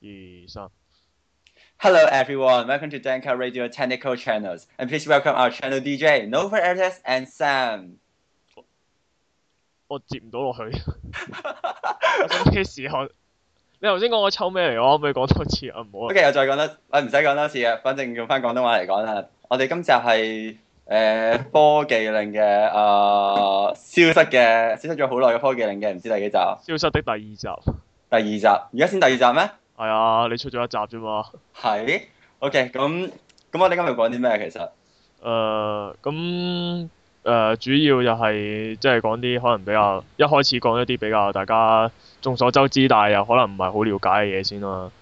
以上。Hello everyone, welcome to Danke Radio Technical Channels，and please welcome our channel DJ Noverertas and Sam。我接唔到落去。咩事啊？你頭先講我抽咩嚟？我可唔可以講多次啊？唔好。OK，又再講多，誒唔使講多次啊。反正用翻廣東話嚟講啦。我哋今集係誒科技令嘅誒消失嘅，消失咗好耐嘅科技令嘅，唔知第幾集？消失的第二集。第二集，而家先第二集咩？係啊，你出咗一集啫嘛。係，OK，咁咁我哋今日講啲咩？其實、呃，誒，咁、呃、誒，主要就係即係講啲可能比較一開始講一啲比較大家眾所周知，但係又可能唔係好了解嘅嘢先啦、啊。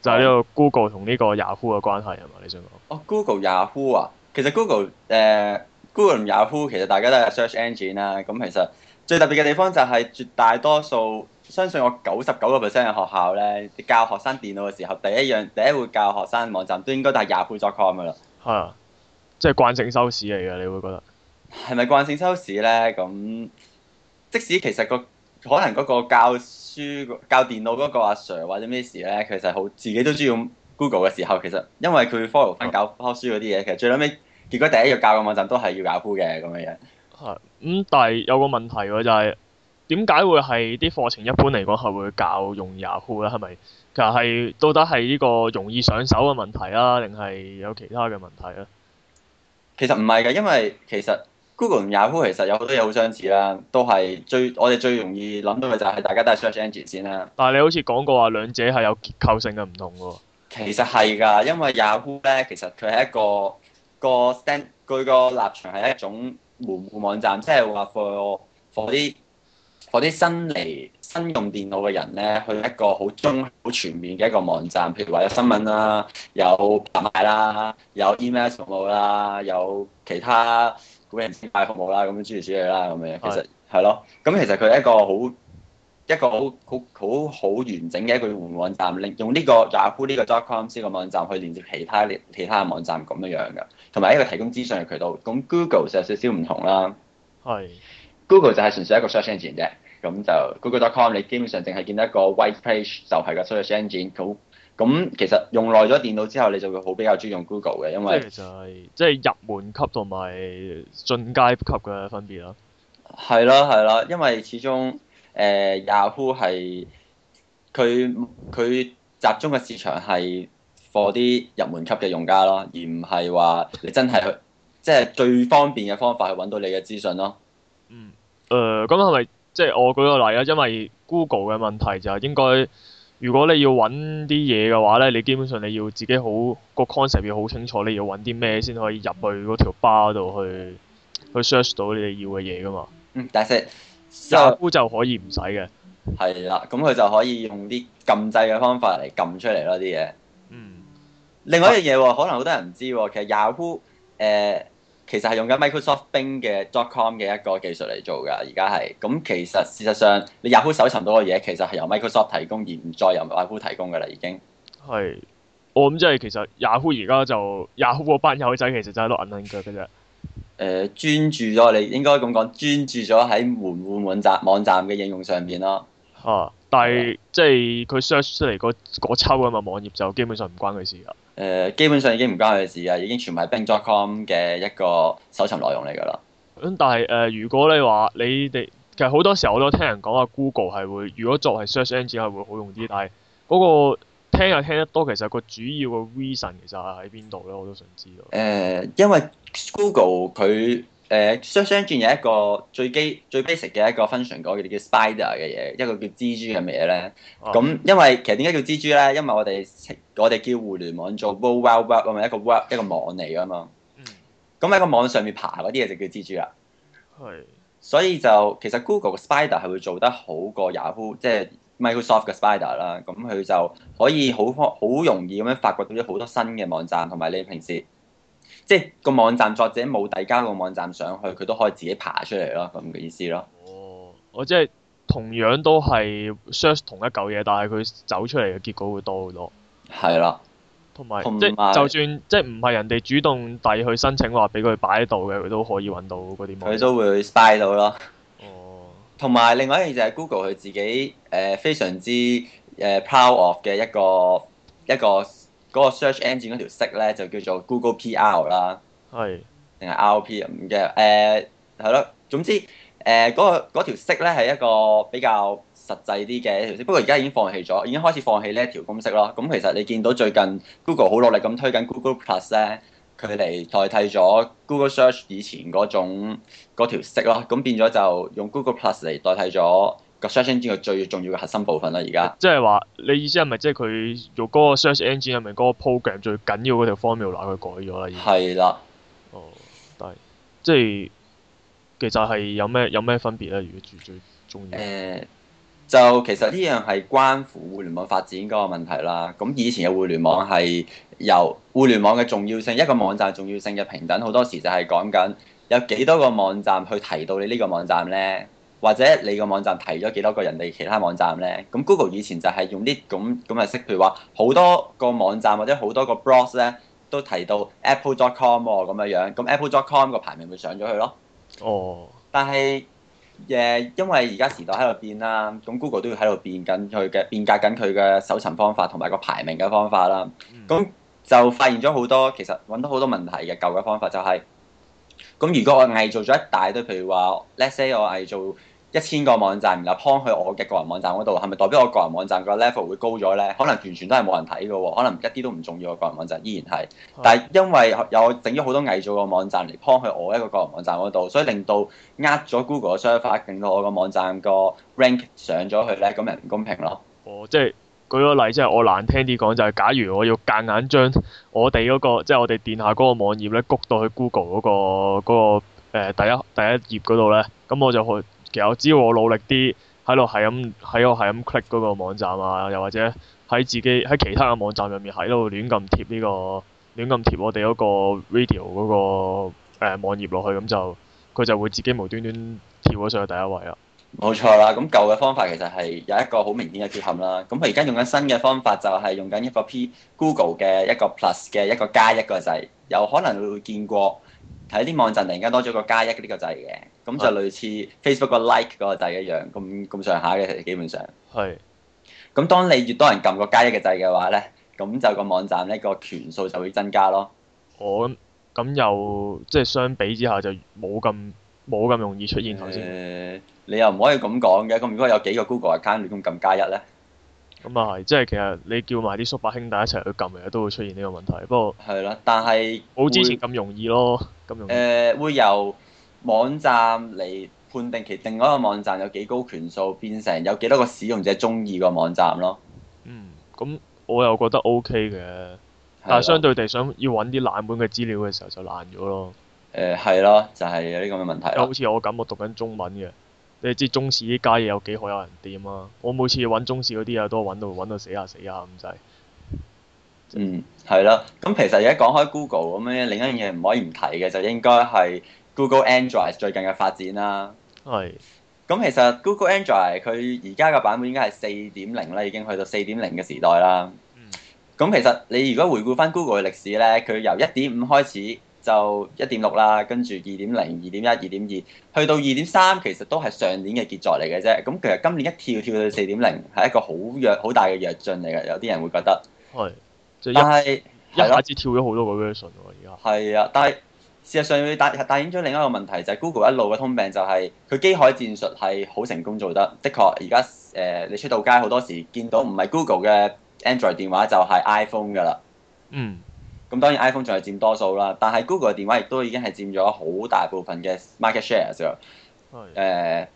就係、是、呢個 Google 同呢個 Yahoo 嘅關係啊嘛，你想講？哦，Google Yahoo 啊，其實 Google，、呃、Google 誒，Google 同 Yahoo 其實大家都係 search engine 啦、啊。咁其實最特別嘅地方就係絕大多數。相信我九十九個 percent 嘅學校咧，教學生電腦嘅時候，第一樣，第一會教學生網站，都應該都係 Yahoo.com 噶啦。係、啊，即係慣性收視嚟嘅，你會覺得係咪慣性收視咧？咁即使其實個可能嗰個教書教電腦嗰個阿 Sir 或者 Miss 咧，其實好自己都中意用 Google 嘅時候，其實因為佢 follow 翻教科書嗰啲嘢，哦、其實最屘尾結果第一日教嘅網站都係要 Yahoo 嘅咁嘅樣。係、啊，咁、嗯、但係有個問題喎，就係、是。點解會係啲課程一般嚟講係會教用 Yahoo 咧？係咪其實係到底係呢個容易上手嘅問題啊，定係有其他嘅問題咧、啊？其實唔係㗎，因為其實 Google 同 Yahoo 其實有好多嘢好相似啦，都係最我哋最容易諗到嘅就係大家都係 search engine 先啦。但係你好似講過話兩者係有結構性嘅唔同喎、ah。其實係㗎，因為 Yahoo 咧，其實佢係一個一個 stand 佢個立場係一種門戶網站，即係話 for for 啲。嗰啲新嚟新用電腦嘅人咧，去一個好中好全面嘅一個網站，譬如話有新聞啦，有拍賣啦，有 email 服務啦，有其他個人私密服務啦，咁諸如此類啦，咁樣其實係是咯，咁其實佢一個好一個好好好好完整嘅一個互聯網站，令用呢個 Yahoo 呢個 dotcom 呢個網站去連接其他其他嘅網站咁樣樣嘅，同埋一個提供資訊嘅渠道。咁 Go 是 Google 就有少少唔同啦，係 Google 就係純粹一個 search engine 啫。咁就 Google.com，dot 你基本上淨係見到一個 white page 就係㗎，所以 search engine 好。咁、hmm. 其實用耐咗電腦之後，你就會好比較鍾意用 Google 嘅，因為是就係即係入門級同埋進階級嘅分別啦、啊。係啦係啦，因為始終誒、呃、Yahoo 係佢佢集中嘅市場係 for 啲入門級嘅用家咯，而唔係話你真係去即係最方便嘅方法去揾到你嘅資訊咯。嗯，誒、呃，咁係咪？即係我舉個例啊，因為 Google 嘅問題就係應該，如果你要揾啲嘢嘅話咧，你基本上你要自己好個 concept 要好清楚，你要揾啲咩先可以入去嗰條巴度去去 search 到你哋要嘅嘢㗎嘛。但係、so, Yahoo 就可以唔使嘅。係啦，咁佢就可以用啲撳掣嘅方法嚟撳出嚟咯啲嘢。嗯。另外一樣嘢喎，啊、可能好多人唔知喎，其實 Yahoo 誒、呃。其實係用緊 Microsoft Bing 嘅 dot com 嘅一個技術嚟做㗎，而家係咁。其實事實上，你 Yahoo 搜尋到嘅嘢，其實係由 Microsoft 提供，而唔再由 Yahoo 提供㗎啦，已經。係，我、哦、咁、嗯、即係其實 Yahoo 而家就 Yahoo 嗰班友仔其實就喺度揾緊佢嘅啫。誒、呃，專注咗，你應該咁講，專注咗喺門戶網站網站嘅應用上邊咯。嚇、啊！但係、嗯、即係佢 search 出嚟、嗰個抽啊嘛，網頁就基本上唔關佢事㗎。誒、呃、基本上已經唔關佢事啊，已經全部喺 bing.com 嘅一個搜尋內容嚟㗎啦。咁但係誒、呃，如果你話你哋其實好多時候我都聽人講話，Google 係會如果作為 search engine 係會好用啲，嗯、但係嗰個聽就聽得多，其實個主要嘅 reason 其實係喺邊度咧？我都想知道，誒、呃，因為 Google 佢。誒相、呃、相傳有一個最基最 basic 嘅一個 function 嗰叫叫 spider 嘅嘢，一個叫蜘蛛係咩嘢咧。咁、啊嗯、因為其實點解叫蜘蛛咧？因為我哋我哋叫互聯網做 world web 一個 web 一個網嚟啊嘛。咁喺個,、嗯嗯、個網上面爬嗰啲嘢就叫蜘蛛啦。係是。所以就其實 Google 嘅 spider 係會做得好過 Yahoo，即係 Microsoft 嘅 spider 啦。咁佢就可以好好容易咁樣發掘到咗好多新嘅網站，同埋你平時。即係、個網站作者冇遞交個網站上去，佢都可以自己爬出嚟咯，咁、那、嘅、個、意思咯。哦，我即係同樣都係 search 同一嚿嘢，但係佢走出嚟嘅結果會多好多。係啦，同埋即就算即係唔係人哋主動遞去申請話俾佢擺喺度嘅，佢都可以揾到嗰啲。佢都會 spy 到咯。哦，同埋另外一樣就係 Google 佢自己誒、呃、非常之誒、呃、power of 嘅一個一個。一個一個一個嗰個 search engine 嗰條色咧就叫做 Google PR 啦，係定係 R P 咁嘅？誒係咯，總之誒嗰、呃嗰個條色咧係一個比較實際啲嘅一條色。不過而家已經放棄咗，已經開始放棄呢一條公式咯。咁其實你見到最近 Google 好落力咁推緊 Google Plus 咧，佢嚟代替咗 Google Search 以前嗰種嗰條色咯。咁變咗就用 Google Plus 嚟代替咗。個最重要嘅核心部分啦，而家即係話，你意思係咪即係佢做嗰個 search engine 係咪嗰個 program 最緊要嗰條 formula 佢改咗啦？係啦。哦，但係即係其實係有咩有咩分別咧？如果最最重要誒、呃，就其實呢樣係關乎互聯網發展嗰個問題啦。咁以前嘅互聯網係由互聯網嘅重要性一個網站重要性嘅平等，好多時就係講緊有幾多個網站去提到你呢個網站咧。或者你個網站提咗幾多個人哋其他網站咧？咁 Google 以前就係用啲咁咁嘅式，譬如話好多個網站或者好多個 blog 咧都提到 Apple.com dot、哦、咁樣樣，咁 Apple.com dot 個排名會上咗去咯。哦。但係誒、呃，因為而家時代喺度變啦，咁 Google 都要喺度變緊佢嘅變革緊佢嘅搜尋方法同埋個排名嘅方法啦。咁、嗯、就發現咗好多其實揾到好多問題嘅舊嘅方法、就係，就係咁。如果我偽造咗一大堆，譬如話 Let's say 我偽造。一千個網站唔夠去我嘅個人網站嗰度，係咪代表我個人網站個 level 會高咗呢？可能完全都係冇人睇嘅喎，可能一啲都唔重要嘅個人網站依然係，但係因為有整咗好多偽造嘅網站嚟 p 去我一個個人網站嗰度，所以令到呃咗 Google 嘅商 e 令到我個網站個 rank 上咗去呢。咁咪唔公平咯。哦，即係舉個例，即係我難聽啲講就係、是，假如我要夾硬將我哋嗰、那個，即、就、係、是、我哋墊下嗰個網頁咧，谷到去 Google 嗰、那個嗰、那個呃、第一第一頁嗰度呢，咁我就去。其實我知，我努力啲，喺度係咁，喺我係咁 click 嗰個網站啊，又或者喺自己喺其他嘅網站入面，喺度亂咁貼呢、呢個，亂咁貼我哋嗰個 video 嗰、嗰個誒、呃、網頁落去，咁就佢就會自己無端端貼咗上去第一位啦。冇錯啦，咁舊嘅方法其實係有一個好明顯嘅缺陷啦。咁佢而家用緊新嘅方法，就係用緊一個 P Google 嘅一個 Plus 嘅一,一個加一個掣，有可能會見過。喺啲網站突然間多咗個加一呢個掣嘅，咁就類似 Facebook、like、個 like 嗰個掣一樣，咁咁上下嘅，基本上係。咁是當你越多人撳個加一嘅掣嘅話咧，咁就個網站咧個權數就會增加咯。我咁又即係相比之下就冇咁冇咁容易出現係先、呃？你又唔可以咁講嘅，咁如果有幾個 Google account 你咁撳加一咧？咁啊係，即係其實你叫埋啲叔伯兄弟一齊去撳，嘅都會出現呢個問題。不過係咯，但係冇之前咁容易咯。咁容易誒、呃，會由網站嚟判定其另外一個網站有幾高權數，變成有幾多個使用者中意個網站咯。嗯，咁我又覺得 OK 嘅，但係相對地想要揾啲冷門嘅資料嘅時候就難咗咯。誒係咯，就係、係、有啲咁嘅問題。就好似我咁，我讀緊中文嘅。你知中市呢家嘢有幾可有人點啊？我每次揾中市嗰啲啊，啊，都揾到揾到死下死下咁滯。就係、嗯，係啦。咁其實而家講開 Google 咁樣，另一樣嘢唔可以唔提嘅就應該係 Google Android 最近嘅發展啦。係是。咁其實 Google Android 佢而家嘅版本應該係四點零啦，已經去到四點零嘅時代啦。咁、嗯、其實你如果回顧翻 Google 嘅歷史咧，佢由一點五開始。1 就一點六啦，跟住二點零、二點一、二點二，去到二點三其實都係上年嘅結作嚟嘅啫。咁其實今年一跳跳到四點零係一個好弱、好大嘅弱進嚟嘅。有啲人會覺得係，但係是的一下子跳咗好多個 version 喎。而家係啊，但係事實上佢帶帶引出另一個問題就係、是、Google 一路嘅通病就係佢機海戰術係好成功做得，的確而家誒你出到街好多時見到唔係 Google 嘅 Android 電話就係 iPhone 㗎啦。嗯。咁當然 iPhone 仲係佔多數啦，但係 Google 嘅電話亦都已經係佔咗好大部分嘅 market share。誒是的、呃，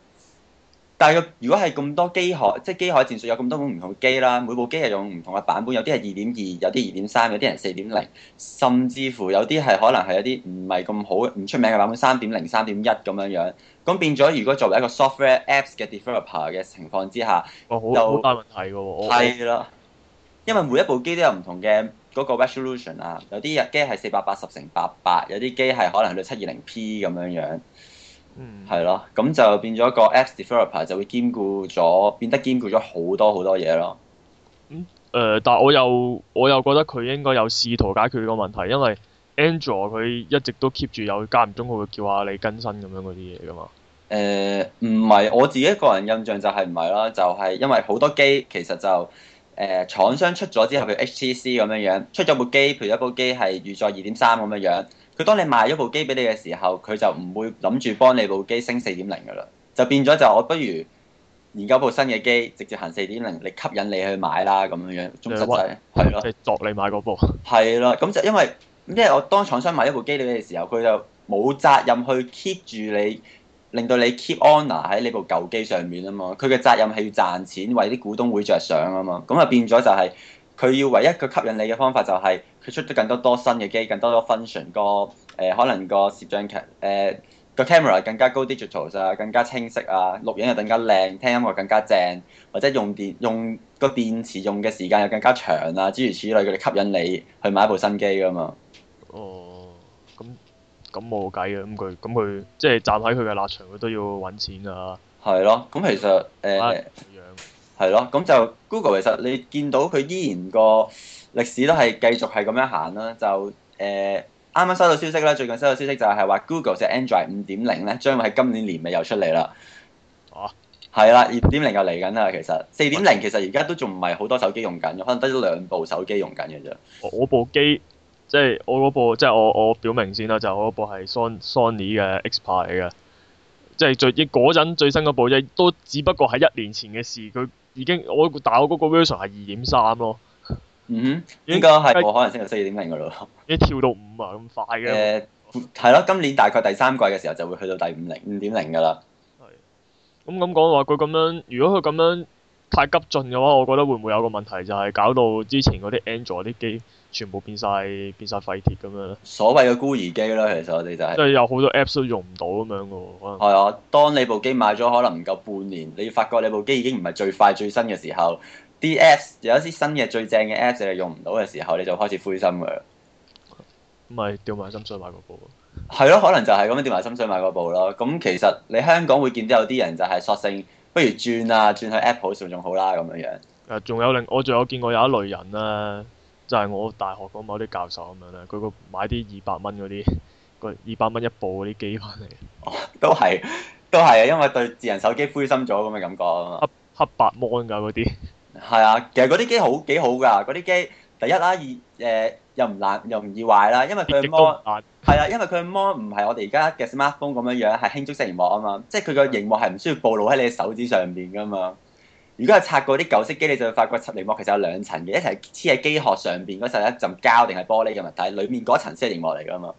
但係個如果係咁多機海，即係機海戰術有咁多種唔同嘅機啦，每部機係用唔同嘅版本，有啲係二點二，有啲二點三，有啲係四點零，甚至乎有啲係可能係有啲唔係咁好、唔出名嘅版本，三點零、三點一咁樣樣。咁變咗，如果作為一個 software apps 嘅 developer 嘅情況之下，我好就好大問題嘅喎、哦，係因為每一部機都有唔同嘅。嗰個 resolution 啊，有啲日機係四百八十乘八百，有啲機係可能去到七二零 P 咁樣樣，嗯，係咯，咁就變咗個 app developer 就會兼顧咗，變得兼顧咗好多好多嘢咯。嗯，誒、呃，但係我又我又覺得佢應該有試圖解決呢個問題，因為 Android 佢一直都 keep 住有間唔中佢會叫下你更新咁樣嗰啲嘢噶嘛。誒、呃，唔係，我自己一個人印象就係唔係咯，就係、是、因為好多機其實就。誒、呃、廠商出咗之後，譬如 HTC 咁樣樣，出咗部機，譬如一部機係預載二點三咁樣樣，佢當你賣咗部機俾你嘅時候，佢就唔會諗住幫你部機升四點零㗎喇，就變咗就我不如研究部新嘅機，直接行四點零，你吸引你去買啦咁樣樣，中心曬，係咯喂，了即係作你買嗰部，係咯，咁就因為，因為我當廠商賣一部機俾你嘅時候，佢就冇責任去 keep 住你。令到你 keep on 喺呢部舊機上面啊嘛，佢嘅責任係要賺錢，為啲股東會着想啊嘛，咁啊變咗就係佢要唯一個吸引你嘅方法就係、是、佢出得更多多新嘅機，更多多 function 個誒可能個攝像鏡誒、呃、個 camera 更加高 digital 啊，更加清晰啊，錄影又更加靚，聽音樂更加正，或者用電用個電池用嘅時間又更加長啊，諸如此類，佢哋吸引你去買一部新機噶嘛。哦。咁冇計嘅，咁佢咁佢即係站喺佢嘅立場，佢都要揾錢㗎。係咯，咁其實誒係咯，咁、呃啊、就 Google 其實你見到佢依然個歷史都係繼續係咁樣行啦。就誒啱啱收到消息啦，最近收到消息就係話 Google 嘅 Android 五點零咧，將會喺今年年尾又出嚟啦。哦、啊，係啦，二點零又嚟緊啦。其實四點零其實而家都仲唔係好多手機用緊，可能得咗兩部手機用緊嘅啫。我部機。即係我嗰部，即係我我表明先啦，就是，我嗰部係 Sony 嘅 Xperia 嚟嘅，即係最嗰陣最新嗰部啫，都只不過係一年前嘅事，佢已經我打嗰個 version 係二點三咯。嗯，經應該係冇可能升到四點零噶咯，已經跳到五啊，咁快嘅？誒、呃，係咯，今年大概第三季嘅時候就會去到第五零五點零噶啦，係，咁咁講話佢咁樣，如果佢咁樣太急進嘅話，我覺得會唔會有個問題，就係、是、搞到之前嗰啲 Android 啲機。全部變晒變晒廢鐵咁樣，所謂嘅孤兒機咯，其實我哋就係即係有好多 Apps 都用唔到咁樣噶，可能，係啊、 嗯嗯，當你部機買咗可能唔夠半年，你發覺你部機已經唔係最快最新嘅時候，啲 Apps 有一啲新嘅最正嘅 Apps 你用唔到嘅時候，你就開始灰心噶。咪掉埋心水買嗰部。係咯，可能就係咁樣掉埋心水買嗰部咯。咁、嗯、其實你香港會見到有啲人就係索性不如轉啊轉去 Apple 上仲好啦、啊、咁樣樣。誒，仲有另我仲有見過有一類人啊。就係我大學嗰某啲教授咁樣咧，佢個買啲二百蚊嗰啲，二百蚊一部嗰啲機翻嚟。哦，都係，都係啊，因為對智能手機灰心咗咁嘅感覺。黑黑白 mon 㗎嗰啲。係啊，其實嗰啲機好幾好㗎，嗰啲機第一啦，二誒又唔難又唔易壞啦，因為佢 mon 係啊，因為佢 mon 唔係我哋而家嘅 smartphone 咁樣樣，係輕觸式熒幕啊嘛，即係佢個熒幕係唔需要暴露喺你手指上邊㗎嘛。如果係拆過啲舊式機，你就會發覺拆螢幕其實有兩層嘅，一齊黐喺機殼上邊嗰陣一陣膠定係玻璃嘅問題，裡面嗰層先係螢幕嚟㗎嘛。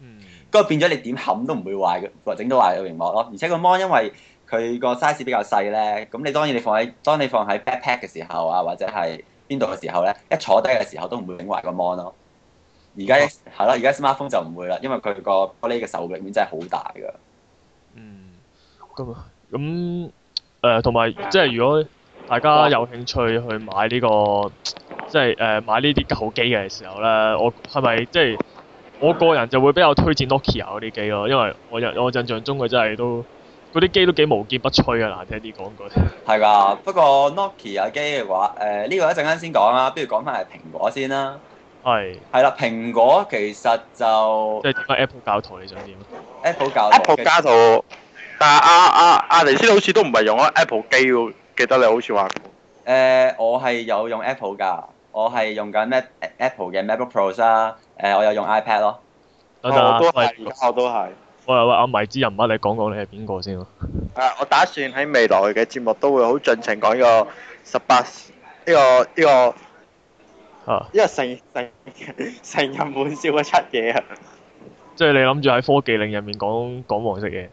嗯，嗰個變咗你點冚都唔會壞或整到壞個螢幕咯。而且個芒因為佢個 size 比較細咧，咁你當然你放喺當你放喺 backpack 嘅時候啊，或者係邊度嘅時候咧，一坐低嘅時候都唔會整壞個芒咯。而家係咯，而家 smartphone 就唔會啦，因為佢個玻璃嘅受力面真係好大㗎。嗯，咁咁誒，同埋即係如果。大家有興趣去買呢、這個即係誒買呢啲舊機嘅時候咧，我係咪即係我個人就會比較推薦 Nokia、ok、嗰啲機咯，因為我印我印象中佢真係都嗰啲機都幾無堅不摧啊！難聽啲講句。係㗎，不過 Nokia、ok、機嘅話，誒、呃、呢、這個一陣間先講啦，不如講翻係蘋果先啦。係。係啦，蘋果其實就即係 Apple 教徒，你想點？Apple 教 Apple 教徒，但係阿阿阿尼斯好似都唔係用咗 Apple 機喎。記得你好似話，誒，我係有用 Apple 噶，我係用緊 Mac Apple 嘅 MacBook Pro 啦，誒，我有用 iPad 咯。我都係，我都係。喂喂，我迷之人物，你講講你係邊個先？誒，我打算喺未來嘅節目都會好盡情講呢個十八呢個呢個，啊，因為成成成日滿笑嘅七嘢啊！即係你諗住喺科技領域入面講講黃色嘢？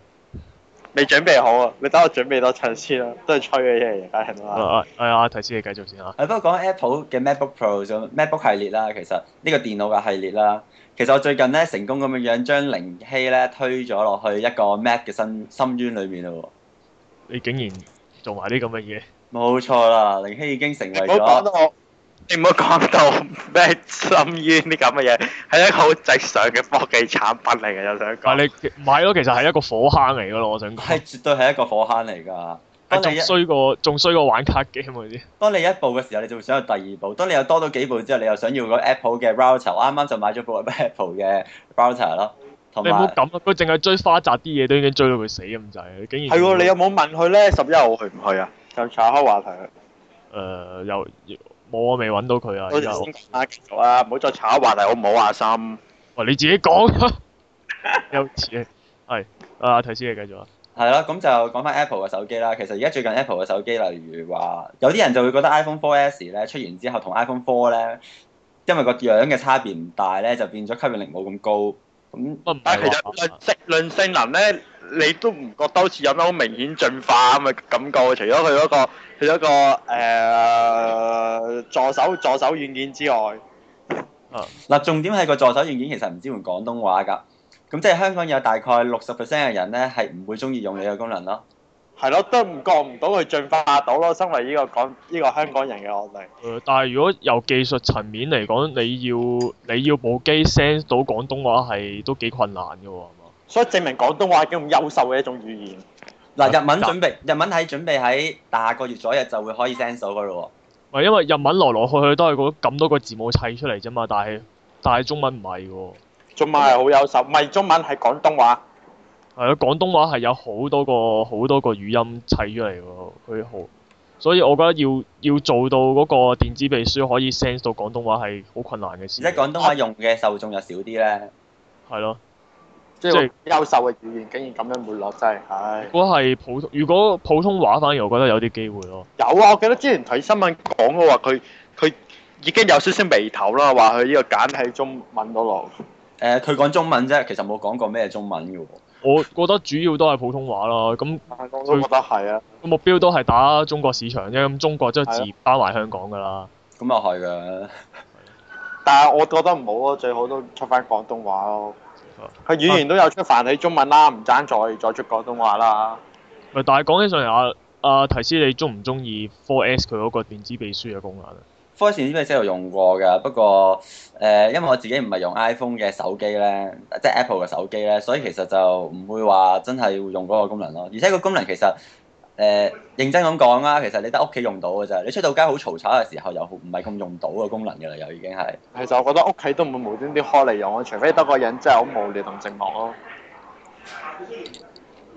你準備好啊！你等我準備多陣先啦，都係吹嘅啫，而家係嘛？係啊，啊，提先你繼續先啦。誒、啊，不過講 Apple 嘅 MacBook Pro MacBook 系列啦，其實呢、呢個電腦嘅系列啦，其實我最近咧成功咁樣樣將靈希咧推咗落去一個 Mac 嘅深深淵裏面啦喎。你竟然做埋啲咁嘅嘢？冇錯啦，靈希已經成為咗。你唔好講到咩深淵啲咁嘅嘢，係一個好正常嘅科技產品嚟嘅，又想講。你買咯，其實係一個火坑嚟嘅咯，我想講。係絕對係一個火坑嚟噶，仲衰過仲衰過玩卡 game 啲。當你一部嘅時候，你就仲想要第二部；當你又多咗幾部之後，你又想要個 Apple 嘅 Router。啱啱就買咗部 Apple 嘅 Router 咯。你唔好咁，佢淨係追花札啲嘢都已經追到佢死咁滯，竟然係、啊。你有冇問佢咧？十一號去唔去啊？就扯開話題啦。誒、呃，又。冇啊，未揾到佢啊！我哋啊，唔好再炒話嚟，好唔好啊？心，喂，你自己講。有事係啊，睇書你繼續啊。係啦，咁就講翻 Apple 嘅手機啦。其實而家最近 Apple 嘅手機，例如話有啲人就會覺得 iPhone 4S 咧出完之後，同 iPhone 4咧，因為個樣嘅差別唔大咧，就變咗吸引力冇咁高。咁，但其實論性論性能咧，你都唔覺得好似有咩好明顯進化咁嘅感覺？除咗佢嗰個，佢嗰個、呃、助手助手軟件之外，嗱、啊，重點係個助手軟件其實唔支援廣東話㗎。咁即係香港有大概六十 percent 嘅人咧，係唔會鍾意用你嘅功能咯。係咯，都唔覺唔到佢進化到咯。身為呢個港呢個香港人嘅我哋。誒，但係如果由技術層面嚟講，你要你要部機 send 到廣東話係都幾困難㗎喎，係嘛？所以證明廣東話係幾咁優秀嘅一種語言。嗱，日文準備，日文係準備喺下個月左右就會可以 send 到㗎咯喎。唔係，因為日文來來去去都係嗰咁多個字母砌出嚟啫嘛，但係但係中文唔係嘅喎。中文係好優秀，唔係中文係廣東話。係咯、嗯，廣東話係有好多個好多個語音砌出嚟嘅喎，佢好，所以我覺得要要做到嗰個電子秘書可以 sense 到廣東話係好困難嘅事。而家廣東話用嘅受眾又少啲咧。係咯、啊，即係優秀嘅語言竟然咁樣沒落真係！如果係普通，如果普通話反而我覺得有啲機會咯。有啊，我記得之前睇新聞講嘅話，佢佢已經有少少眉頭啦，話佢呢個簡體中文都落。誒、呃，佢講中文啫，其實冇講過咩中文嘅喎。我覺得主要都係普通話咯，咁、嗯，我都覺得係啊，目標都係打中國市場啫，咁中國即係自包埋香港㗎啦。咁又係㗎。嗯、 但係我覺得唔好咯，最好都出翻廣東話咯。佢語言都有出繁體中文啦，唔爭再再出廣東話啦。但係講起上嚟啊，阿提斯，你中唔中意 Four S 佢嗰個電子秘書嘅功能啊？科線呢啲嘢真係有用過㗎，不過誒、呃，因為我自己唔係用 iPhone 嘅手機咧，即係 Apple 嘅手機咧，所以其實就唔會話真係會用嗰個功能咯。而且個功能其實誒、呃，認真咁講啦，其實你得屋企用到㗎咋，你出到街好嘈吵嘅時候又唔係咁用到個功能㗎啦，又已經係。其實我覺得屋企都唔會無端端開嚟用咯，除非得個人真係好無聊同寂寞咯。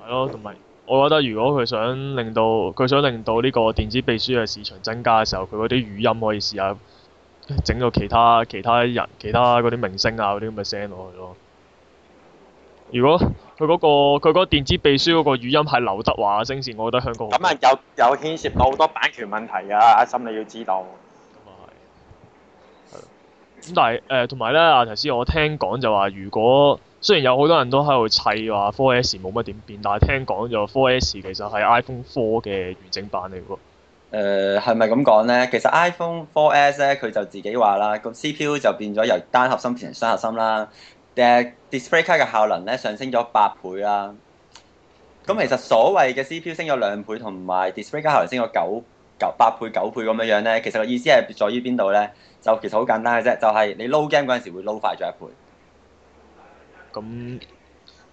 係咯，同埋。我覺得如果佢想令到佢想令到呢個電子秘書嘅市場增加嘅時候，佢嗰啲語音可以試下整到其他其他人、其他嗰啲明星啊嗰啲咁嘅聲落去咯。如果佢嗰個佢嗰個電子秘書嗰個語音係劉德華聲線，我覺得香港咁啊，有有牽涉到好多版權問題啊，阿心你要知道。咁但係，誒、呃，同埋咧，阿頭先我聽講就話，如果雖然有好多人都喺度砌話 4S 冇乜點變，但係聽講就 4S 其實係 iPhone 4嘅完整版嚟嘅。誒、呃，係咪咁講咧？其實 iPhone 4S 咧，佢就自己話啦，個 CPU 就變咗由單核心變成雙核心啦，誒，Display 卡嘅效能咧上升咗八倍啦。咁其實所謂嘅 CPU 升咗兩倍，同埋 Display 卡效能升咗九。八倍九倍咁樣樣咧，其實個意思係在於邊度咧？就其實好簡單嘅啫，就係你 load game 嗰陣時會 load 快咗一倍。咁，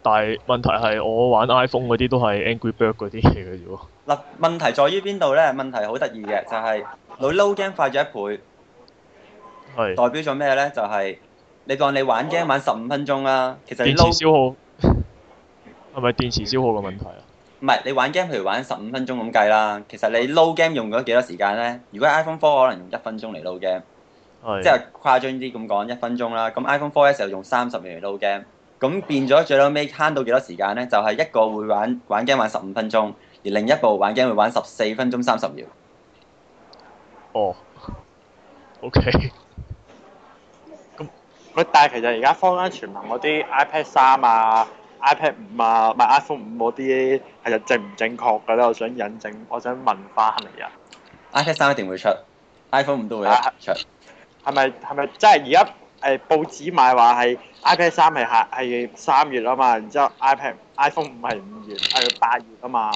但係問題係我玩 iPhone 嗰啲都係 Angry Bird 嗰啲嘢嘅啫喎。嗱，問題在於邊度咧？問題好得意嘅就係，你 load game 快咗一倍，係代表咗咩咧？就係你當你玩 game 玩十五分鐘啦，其實電池消耗係咪電池消耗嘅問題啊？唔係你玩 game，譬如玩十五分鐘咁計啦。其實你 load game 用咗幾多時間咧？如果 iPhone Four 可能用一分鐘嚟 load game，即係誇張啲咁講一分鐘啦。咁 iPhone Four S 就用三十秒嚟 load game。咁變咗最後尾慳到幾多時間咧？就係一個會玩玩 game 玩十五分鐘，而另一部玩 game 會玩十四分鐘三十秒。哦。OK。咁，但係其實而家坊間傳聞嗰啲 iPad 三啊。iPad 五啊，唔係 iPhone 五嗰啲係就正唔正確嘅咧？我想引證，我想問翻你啊。iPad 三一定會出，iPhone 五都會出。係咪係咪？即係而家誒報紙賣話，係 iPad 三係係係三月啊嘛，然之後 iPad iPhone 五係五月係八月啊嘛。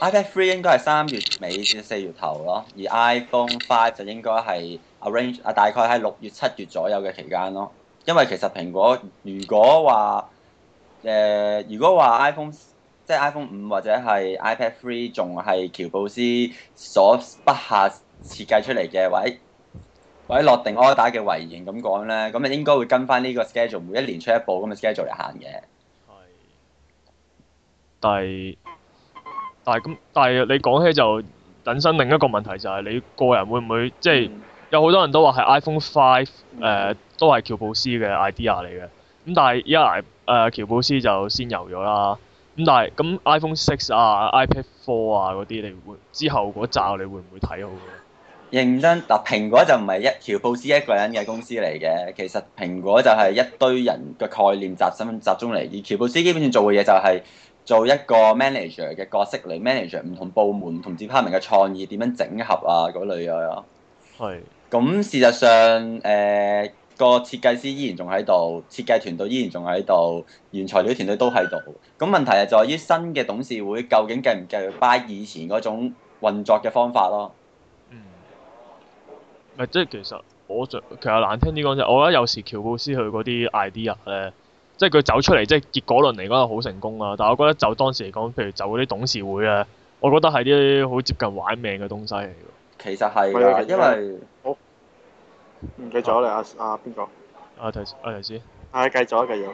iPad three 應該係三月尾至四月頭咯，而 iPhone five 就應該係 arrange 啊，大概喺六月七月左右嘅期間咯。因為其實蘋果如果話。誒、呃，如果話 iPhone 即係 iPhone 五或者係 iPad Three 仲係喬布斯所筆下設計出嚟嘅位，或者落定 order 嘅維綫咁講咧，咁啊應該會跟翻呢個 schedule，每一年出一部咁嘅 schedule 嚟行嘅。係。第，但係咁，但係你講起就引申，另一個問題就係你個人會唔會即係有好多人都話係 iPhone Five 誒、呃、都係喬布斯嘅 idea 嚟嘅。咁但係一嚟，誒喬布斯就先遊咗啦。咁但係，咁 iPhone Six 啊、iPad Four 啊嗰啲，你會之後嗰集，你會唔會睇好咧？認真嗱，但蘋果就唔係一喬布斯一個人嘅公司嚟嘅。其實蘋果就係一堆人嘅概念集，集集中嚟。而喬布斯基本上做嘅嘢就係做一個 manager 嘅角色嚟，manager 唔同部門同其他人嘅創意點樣整合啊嗰類咗咁。是事實上，誒、呃。個設計師依然仲喺度，設計團隊依然仲喺度，原材料團隊都喺度。咁問題係在於新嘅董事會究竟繼唔繼續 buy 以前嗰種運作嘅方法咯？即係、嗯、其實我就其實難聽啲講就，我覺得有時喬布斯佢嗰啲 idea 咧，即係佢走出嚟，即係結果論嚟講係好成功啊。但係我覺得就當時嚟講，譬如就嗰啲董事會啊，我覺得係啲好接近玩命嘅東西嚟。其實係，的因為。唔記咗啦，阿阿邊個？阿提斯，阿提斯。係，繼續啊，繼續。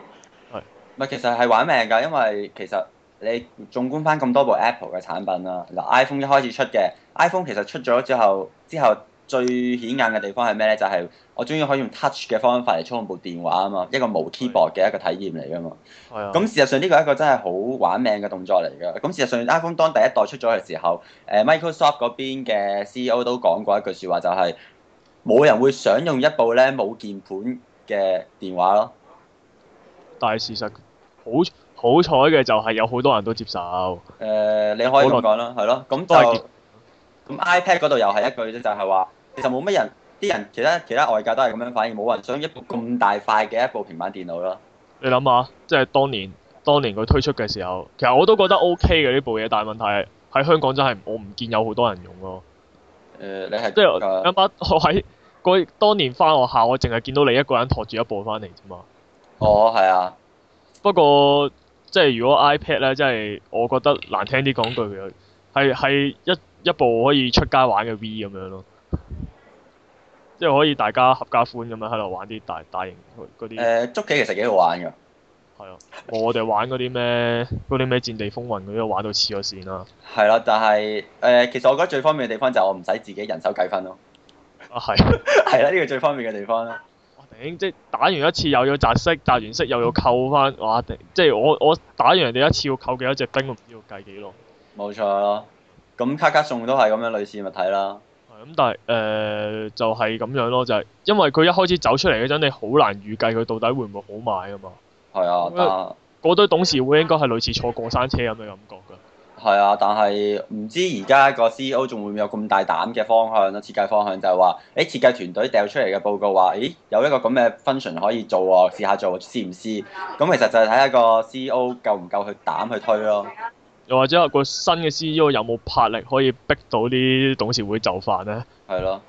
係。唔係，其實係玩命㗎，因為其實你縱觀翻咁多部 Apple 嘅產品啦，嗱 iPhone 一開始出嘅 iPhone 其實出咗之後，之後最顯眼嘅地方係咩咧？就係、是、我終於可以用 touch 嘅方法嚟操控部電話啊嘛，一個無 keyboard 嘅一個體驗嚟㗎嘛。係啊的。咁事實上呢個係一個真係好玩命嘅動作嚟㗎。咁事實上 iPhone 當第一代出咗嘅時候，誒 Microsoft 嗰邊嘅 CEO 都講過一句説話、就是，就係。冇人會想用一部咧，冇鍵盤嘅電話咯。但係事實好好彩嘅就係有好多人都接受。誒、呃，你可以咁講啦，係咯。咁就咁 iPad 嗰度又係一句啫，就係、是、話其實冇乜人啲人，其他其他外界都係咁樣反應，冇人想用一部咁大塊嘅一部平板電腦咯。你諗下，即係當年當年佢推出嘅時候，其實我都覺得 OK 嘅呢部嘢，但係問題係喺香港真係我唔見有好多人用咯。誒，你係即係啱啱我喺在嗰 當年翻學校，我淨係見到你一個人托住一部翻嚟啫嘛。哦，係啊。不過即係如果 iPad 咧，即係我覺得難聽啲講句，係係一一部可以出街玩嘅 V 咁樣咯。即係可以大家合家歡咁樣喺度玩啲大大型嗰啲。誒，捉棋其實幾好玩㗎。 我哋玩嗰啲咩嗰啲咩《戰地風雲》嗰啲，玩到黐咗線啦。係咯，但係誒、呃，其實我覺得最方便嘅地方就係我唔使自己人手計分咯。啊，係係啦，呢、 這個最方便嘅地方啦。我頂、啊，即係打完一次又要擲色，擲完色又要扣翻哇！即係我我打完人哋一次要扣幾多隻兵？我唔知要計幾多？冇錯咯。咁卡卡頌都係咁樣類似物體啦。咁、嗯、但係誒、呃，就係、是、咁樣咯，就係、是、因為佢一開始走出嚟嗰陣，你好難預計佢到底會唔會好賣啊嘛。係啊，但嗰堆董事會應該係類似坐過山車咁嘅感覺㗎。係啊，但係唔知而家個 CEO 仲會唔會有咁大膽嘅方向咯？設計方向就係話，誒設計團隊掉出嚟嘅報告話，誒有一個咁嘅 function 可以做喎，試下做，試唔試？咁其實就係睇下個 CEO 夠唔夠去膽去推咯、啊。又或者有個新嘅 CEO 有冇魄力可以逼到啲董事會就範咧？係咯、啊。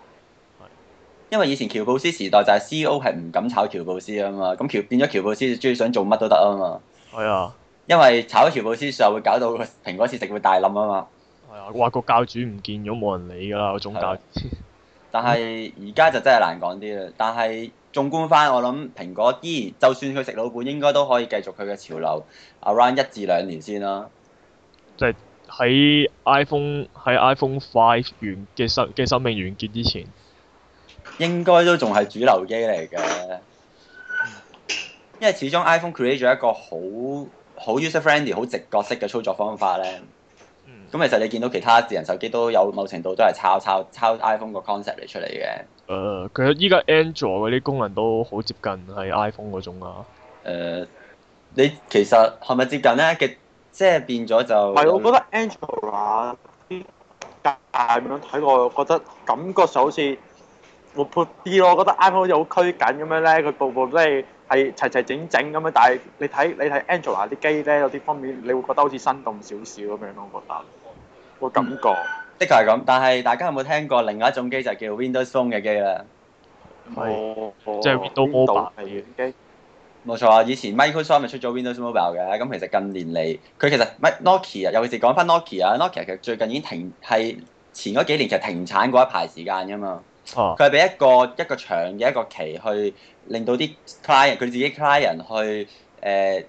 因為以前喬布斯時代就係 CEO 係唔敢炒喬布斯啊嘛，咁喬變咗喬布斯，最想做乜都得啊嘛。係啊、哎呀，因為炒咗喬布斯時候會搞到蘋果市值會大冧啊嘛。係啊、哎，哇！個教主唔見咗，冇人理㗎啦，個總教。但係而家就真係難講啲啦。但係縱觀翻，我諗蘋果依然就算佢食老本，應該都可以繼續佢嘅潮流 around 一至兩年先啦。即係喺 iPhone 喺 iPhone Five 完嘅生嘅生命完結之前。應該都仲係主流機嚟嘅，因為始終 iPhone create 咗一個好好 user friendly、好直覺式嘅操作方法咧。咁、嗯、其實你見到其他智能手機都有某程度都係抄抄抄 iPhone 個 concept 嚟出嚟嘅。誒、呃，其實依家 Android 嗰啲功能都好接近係 iPhone 嗰種啊。誒、呃，你其實係咪接近咧？嘅即係變咗就係我覺得 Android 啊啲咁樣睇，我覺得感覺就好似～活潑啲咯，我覺得 iPhone 好似好拘緊咁樣咧，佢步步都係係齊齊整整咁樣，但係你睇你睇 Android 啲機咧，有啲方面你會覺得好似生動少少咁樣咯，我覺得個感覺、嗯、的確係咁。但係大家有冇聽過另外一種機就係叫 Windows Phone 嘅機咧？哦，即係 Windows Mobile 係嘅，冇錯啊！以前 Microsoft 咪出咗 Windows Mobile 嘅，咁其實近年嚟佢其實 Nokia 尤其是講翻 Nokia 啊，Nokia 其實最近已經停係前嗰幾年其實停產嗰一排時間㗎嘛。佢係俾一個一個長嘅一個期去令到啲 client 佢自己 client 去誒、呃、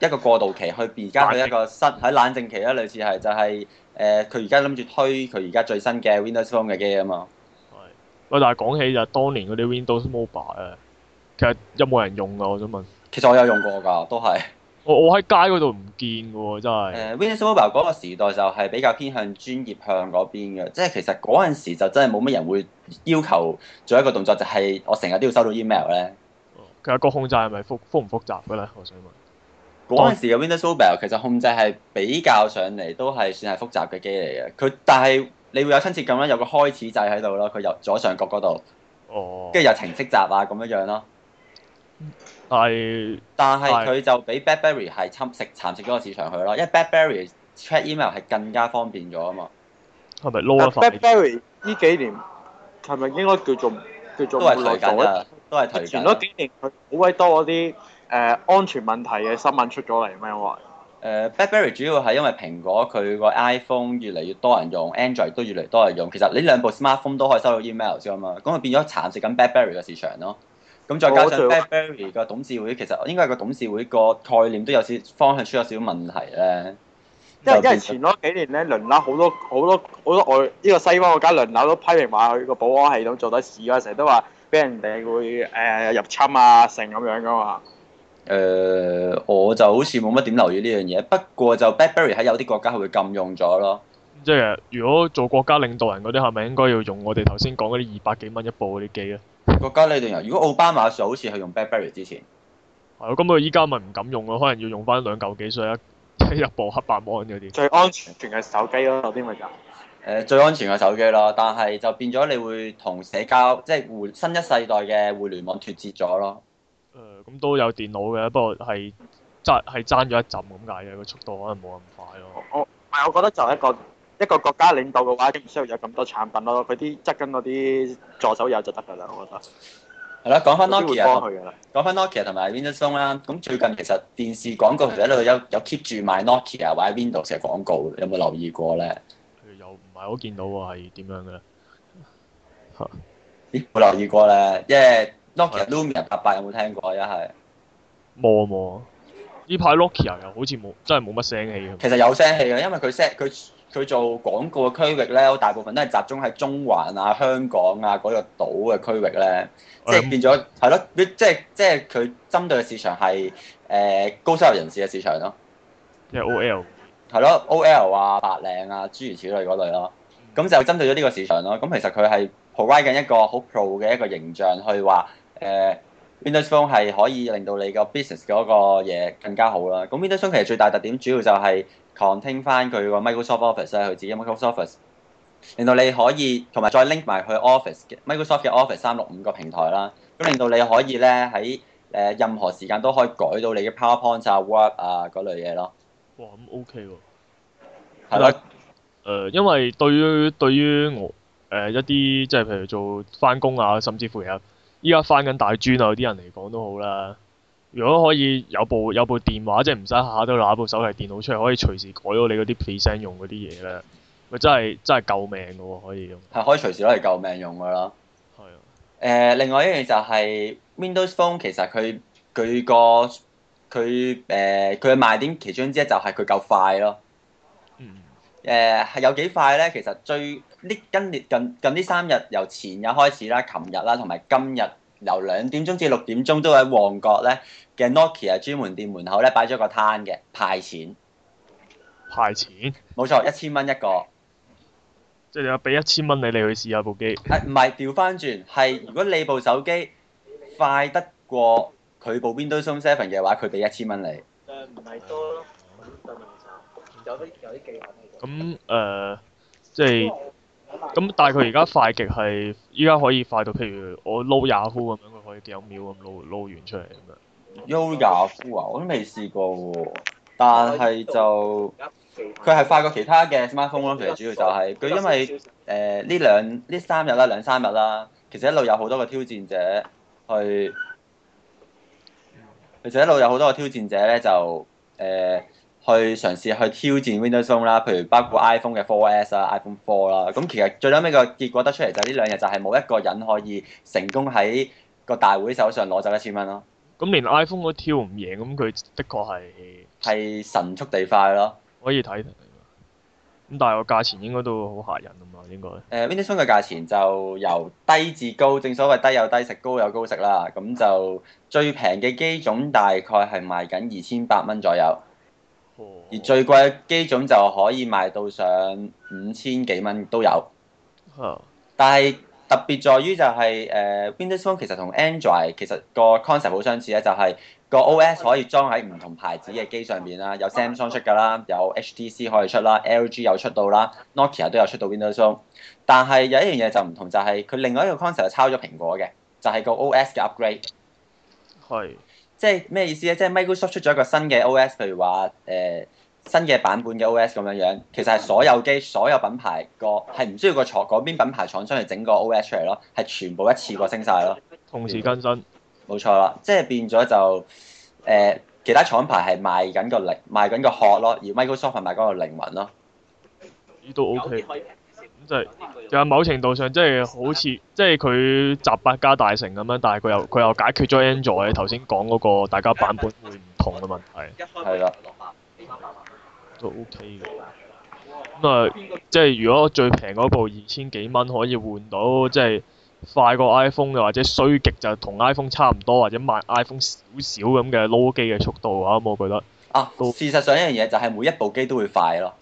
一個過渡期去變更佢一個室喺冷靜期啦，類似係就係誒佢而家諗住推佢而家最新嘅 Windows Phone 嘅機啊嘛。係，喂，但係講起就係、當年嗰啲 Windows Mobile 啊，其實有冇人用噶？我想問。其實我有用過㗎，都係。我我喺街嗰度唔見喎，真係。誒、uh, Windows Mobile 嗰個時代就係比較偏向專業向嗰邊嘅，即係其實嗰陣時就真係冇乜人會要求做一個動作，就係、是、我成日都要收到 email 咧。佢其實個控制係咪複複唔複雜嘅咧？我想問。嗰陣時嘅 Windows Mobile 其實控制係比較上嚟都係算係複雜嘅機嚟嘅，佢但係你會有親切感啦，有個開始掣喺度咯，佢右左上角嗰度。哦。跟住有程式集啊，咁樣樣咯。但係，但係佢就畀 BlackBerry 係侵蝕、蠶食咗個市場去咯，因為 BlackBerry check email 係更加方便咗啊嘛。係咪撈咗 BlackBerry 呢幾年係咪應該叫做叫做冇落咗啊？都係提前嗰幾年，佢好鬼多嗰啲誒安全問題嘅新聞出咗嚟咩？我誒、呃、BlackBerry 主要係因為蘋果佢個 iPhone 越嚟越多人用，Android 都越嚟越多人用，其實你兩部 smartphone 都可以收到 email 先啫嘛，咁就變咗蠶食緊 BlackBerry 嘅市場咯。咁再加上 BlackBerry 嘅董事會其實應該係個董事會個概念都有少方向出咗少問題咧，因為因為前嗰幾年咧輪流好多好多好多,多外呢個西方國家輪流都批評話佢個保安系統做得屎啊，成日都話俾人哋會誒、呃、入侵啊，成咁樣噶嘛。誒、呃，我就好似冇乜點留意呢樣嘢，不過就 BlackBerry 喺有啲國家佢會禁用咗咯。即係如果做國家領導人嗰啲，係咪應該要用我哋頭先講嗰啲二百幾蚊一部嗰啲機啊？國家呢段啊，如果奧巴馬時好似係用 BlackBerry 之前，係啊，咁佢依家咪唔敢用咯，可能要用翻兩嚿幾碎一一部黑白魔咁嗰啲。最安全淨係手機咯，有啲咪就。誒，最安全嘅手機咯，但係就變咗你會同社交即係互新一世代嘅互聯網脫節咗咯。誒、呃，咁都有電腦嘅，不過係爭係爭咗一陣咁解嘅，個速度可能冇咁快咯。我唔係，我覺得就係一個。一個國家領導嘅話，都唔需要有咁多產品咯。佢啲側跟嗰啲助手有就得噶啦，我覺得。係咯， 講翻 Nokia、ok、 講翻 Nokia、ok、同埋 Windows 啦。咁最近其實電視廣告其實喺度有有 keep 住賣 Nokia、ok、或者 Windows 嘅廣告，有冇留意過咧？又唔係好見到喎，係點樣嘅？嚇！咦？冇留意過咧，因、yeah, 係 Nokia Lumia 八八有冇聽過一係？冇冇 。呢排 Nokia、ok、又好似冇真係冇乜聲氣。其實有聲氣嘅，因為佢 set 佢。佢做廣告嘅區域咧，大部分都係集中喺中環啊、香港啊嗰、那個島嘅區域咧，即係變咗係咯，即係即係佢針對嘅市場係誒、呃、高收入人士嘅市場咯，即係 OL 係咯 OL 啊白領啊諸如此類嗰類咯，咁就針對咗呢個市場咯。咁其實佢係 provide 緊一個好 pro 嘅一個形象去話誒、呃、Windows Phone 係可以令到你 bus 個 business 嗰個嘢更加好啦。咁 Windows Phone 其實最大特點主要就係、是 conting 翻佢個 Microsoft Office 啊，佢自己 Microsoft Office，令到你可以同埋再 link 埋去 Office Microsoft 嘅 Office 三六五個平台啦，咁令到你可以咧喺誒任何時間都可以改到你嘅 PowerPoint、OK、啊、Word 啊嗰類嘢咯。哇，咁 OK 喎。係啦。誒，因為對於對於我誒、呃、一啲即係譬如做翻工啊，甚至乎有依家翻緊大專啊啲人嚟講都好啦。如果可以有部有部電話，即係唔使下下都拿部手提電腦出嚟，可以隨時改咗你嗰啲 present 用嗰啲嘢咧，咪真係真係救命噶喎！可以用係可以隨時攞嚟救命用噶啦。係啊的。誒、呃，另外一樣就係 Windows Phone，其實佢佢個佢誒佢嘅賣點其中之一就係佢夠快咯。嗯。誒、呃、有幾快咧？其實最呢今年近近呢三日，由前日開始啦，琴日啦，同埋今日。由兩點鐘至六點鐘都喺旺角咧嘅 Nokia 專門店門口咧擺咗個攤嘅派錢，派錢，冇錯，一千蚊一個，即係俾一千蚊你，你去試下部機。係唔係調翻轉，係如果你部手機快得過佢部 Windows Phone 7嘅話，佢俾一千蚊你。誒，唔係多咯，有啲有啲技巧。咁誒，即係。咁但係佢而家快極係，依家可以快到，譬如我撈 Yahoo 咁樣，佢可以掉秒咁撈撈完出嚟咁啊？撈 Yahoo 啊，我都未試過喎。但係就佢係快過其他嘅 smartphone 咯。其實主要就係、是、佢因為誒呢、呃、兩呢三日啦，兩三日啦，其實一路有好多個挑戰者去，其實一路有好多個挑戰者咧就誒。呃去嘗試去挑戰 Windows Phone 啦，譬如包括 iPhone 嘅 Four S 啦、啊、iPhone Four 啦、啊。咁其實最後尾個結果得出嚟就係呢兩日就係冇一個人可以成功喺個大會手上攞走一千蚊咯。咁連 iPhone 都挑唔贏，咁佢的確係係神速地快咯，可以睇。咁但係個價錢應該都好嚇人啊嘛，應該。誒、呃、，Windows Phone 嘅價錢就由低至高，正所謂低有低食，高有高食啦。咁就最平嘅機種大概係賣緊二千八蚊左右。而最貴嘅機種就可以賣到上五千幾蚊都有，但係特別在於就係、是，誒、呃、，Windows Phone 其實同 Android 其實個 concept 好相似咧，就係、是、個 OS 可以裝喺唔同牌子嘅機上邊啦，有 Samsung 出噶啦，有 HTC 可以出啦，LG 又出到啦，Nokia 都有出到 Windows Phone，但係有一樣嘢就唔同就係，佢另外一個 concept 係抄咗蘋果嘅，就係、是、個 OS 嘅 upgrade，係。即係咩意思咧？即係 Microsoft 出咗一個新嘅 OS，譬如話誒、呃、新嘅版本嘅 OS 咁樣樣，其實係所有機、所有品牌個係唔需要、個廠嗰邊品牌廠商嚟整個 OS 出嚟咯，係全部一次過升晒咯，同時更新。冇錯啦，即係變咗就誒、呃、其他廠牌係賣緊個靈賣緊個殼咯，而 Microsoft 係賣嗰個靈魂咯。呢都 OK。即係某程度上，即係好似即係佢集百家大成咁樣，但係佢又佢又解決咗 Android 頭先講嗰、嗰個大家版本會唔同嘅問題。係啦了，都 OK 嘅。咁、嗯、啊，即係如果最平嗰部二千幾蚊可以換到，即係快過 iPhone 嘅，或者衰極就同 iPhone 差唔多，或者慢 iPhone 少少咁嘅 Low 機嘅速度啊、嗯，我覺得啊，事實上一樣嘢就係每一部機都會快咯。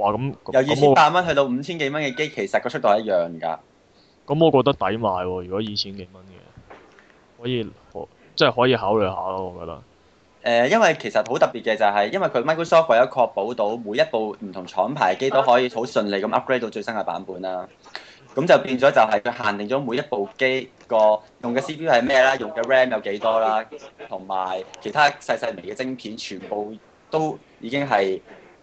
哇咁由二千八蚊去到五千幾蚊嘅機，其實個速度係一樣㗎。咁、嗯、我覺得抵買喎、啊，如果二千幾蚊嘅，可以即係可以考慮下咯。我覺得。誒、呃，因為其實好特別嘅就係、是，因為佢 Microsoft 為咗確保到每一部唔同廠牌機都可以好順利咁 upgrade 到最新嘅版本啦。咁就變咗就係佢限定咗每一部機個用嘅 CPU 係咩啦，用嘅 RAM 有幾多啦，同埋其他細細微嘅晶片全部都已經係。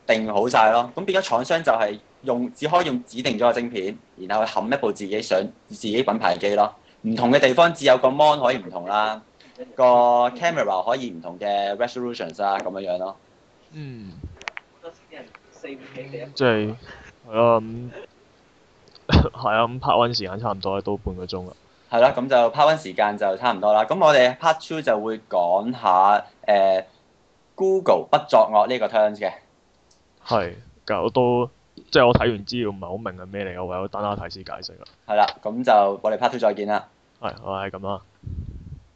定好晒咯，咁變咗廠商就係用只可以用指定咗嘅晶片，然後去冚一部自己想自己品牌機咯。唔同嘅地方，只有個 mon 可以唔同啦，個 camera 可以唔同嘅 resolutions 啊，咁樣樣咯。嗯。即係係啊，咁係啊，咁 part one 時間差唔多都半個鐘啦。係啦，咁就 part one 時間就差唔多啦。咁我哋 part two 就會講下誒、呃、Google 不作惡呢個 trends 嘅。係，但我都即係我睇完資料唔係好明係咩嚟，我唯有等下提示解釋啦。係啦，咁就我哋 part two 再見啦。係，我係咁啦。